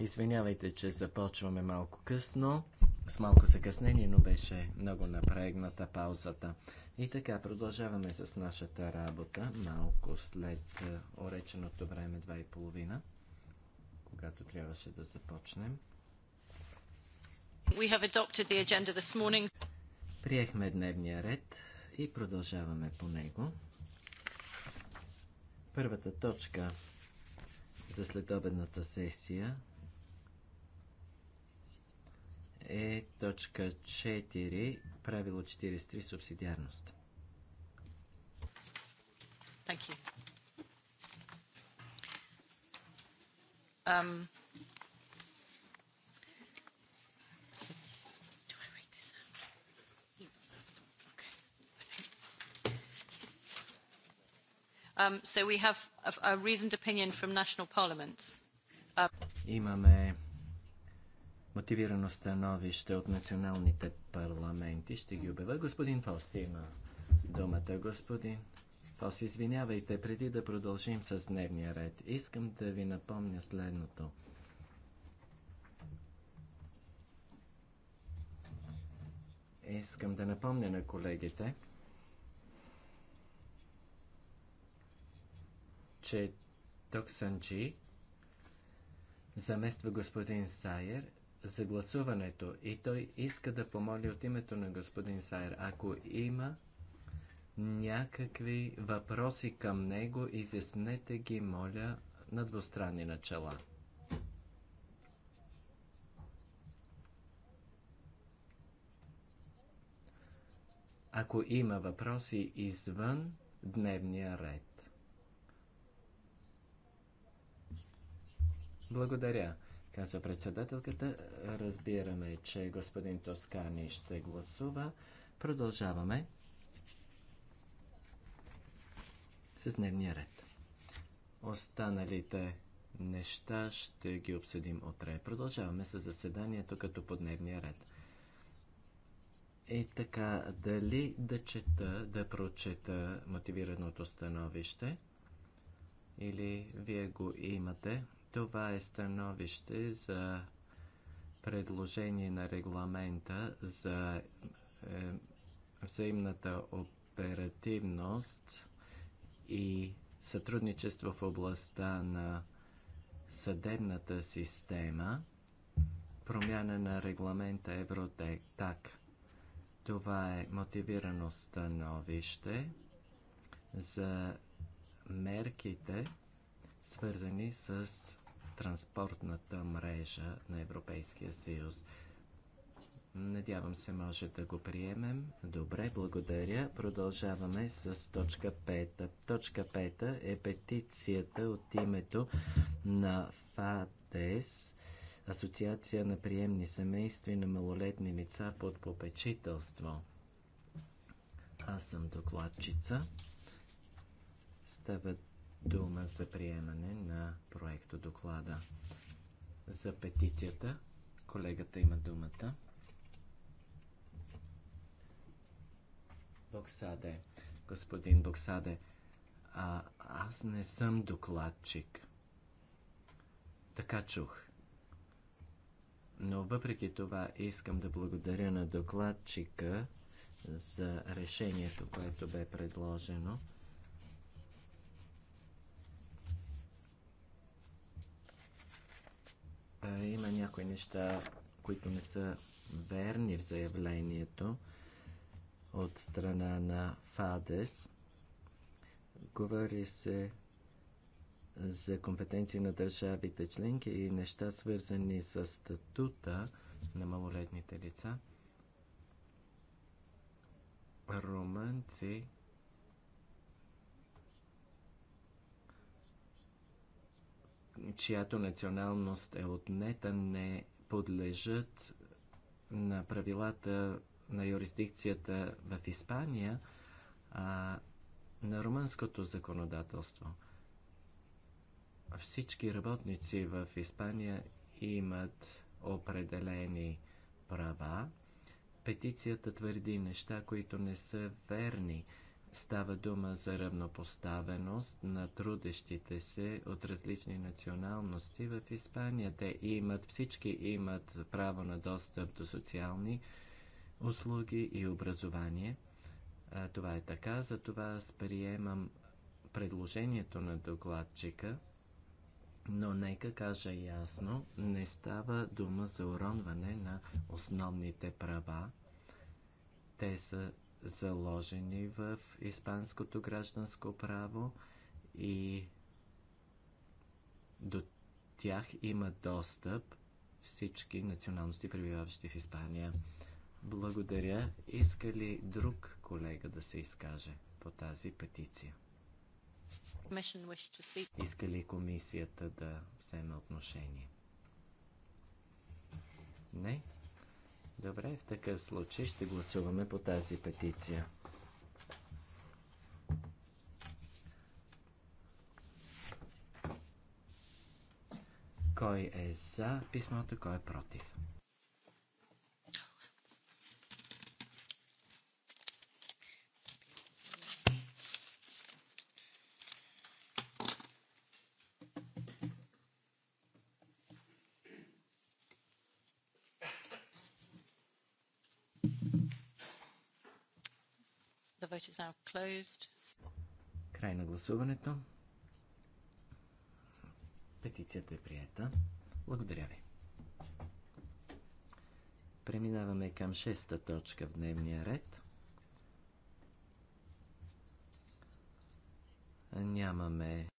Извинявайте, че започваме малко късно. С малко закъснение, но беше много напрегната паузата. И така, продължаваме с нашата работа малко след уреченото е, време 2.30, когато трябваше да започнем. We have adopted the agenda this morning. Приехме дневния ред и продължаваме по него. Първата точка за следобедната сесия е точка 4, правило 43, субсидиарност. Thank you. Um, Um, so we have a, reasoned opinion from national parliaments. Uh, Имаме мотивирано становище от националните парламенти. Ще ги обява. Господин Фос има думата. Господин Фос, извинявайте, преди да продължим с дневния ред, искам да ви напомня следното. Искам да напомня на колегите, че Токсанджи замества господин Сайер за гласуването и той иска да помоли от името на господин Сайер, ако има някакви въпроси към него, изяснете ги, моля, на двустранни начала. Ако има въпроси извън дневния ред. Благодаря, казва председателката. Разбираме, че господин Тоскани ще гласува. Продължаваме с дневния ред. Останалите неща ще ги обсъдим утре. Продължаваме с заседанието като по дневния ред. И така, дали да чета, да прочета мотивираното становище или вие го имате, това е становище за предложение на регламента за е, взаимната оперативност и сътрудничество в областта на съдебната система, промяна на регламента Так, Това е мотивирано становище за мерките, свързани с транспортната мрежа на Европейския съюз. Надявам се, може да го приемем. Добре, благодаря. Продължаваме с точка 5. Точка 5 е петицията от името на ФАТЕС, Асоциация на приемни семейства и на малолетни лица под попечителство. Аз съм докладчица. Става дума за приемане на проекто доклада. За петицията колегата има думата. Боксаде, господин Боксаде, а аз не съм докладчик. Така чух. Но въпреки това искам да благодаря на докладчика за решението, което бе предложено. Е, има някои неща, които не са верни в заявлението от страна на ФАДЕС. Говори се за компетенции на държавите членки и неща свързани с статута на малолетните лица. Романци чиято националност е отнета, не подлежат на правилата на юрисдикцията в Испания, а на румънското законодателство. Всички работници в Испания имат определени права. Петицията твърди неща, които не са верни. Става дума за равнопоставеност на трудещите се от различни националности в Испания. Те имат, всички имат право на достъп до социални услуги и образование. А, това е така, затова аз приемам предложението на докладчика, но нека кажа ясно, не става дума за уронване на основните права. Те са заложени в испанското гражданско право и до тях има достъп всички националности, пребиваващи в Испания. Благодаря. Иска ли друг колега да се изкаже по тази петиция? Иска ли комисията да вземе отношение? Не. Добре, в такъв случай ще гласуваме по тази петиция. Кой е за писмото, кой е против? vote is now closed. Край на гласуването. Петицията е приета. Благодаря ви. Преминаваме към шеста точка в дневния ред. Нямаме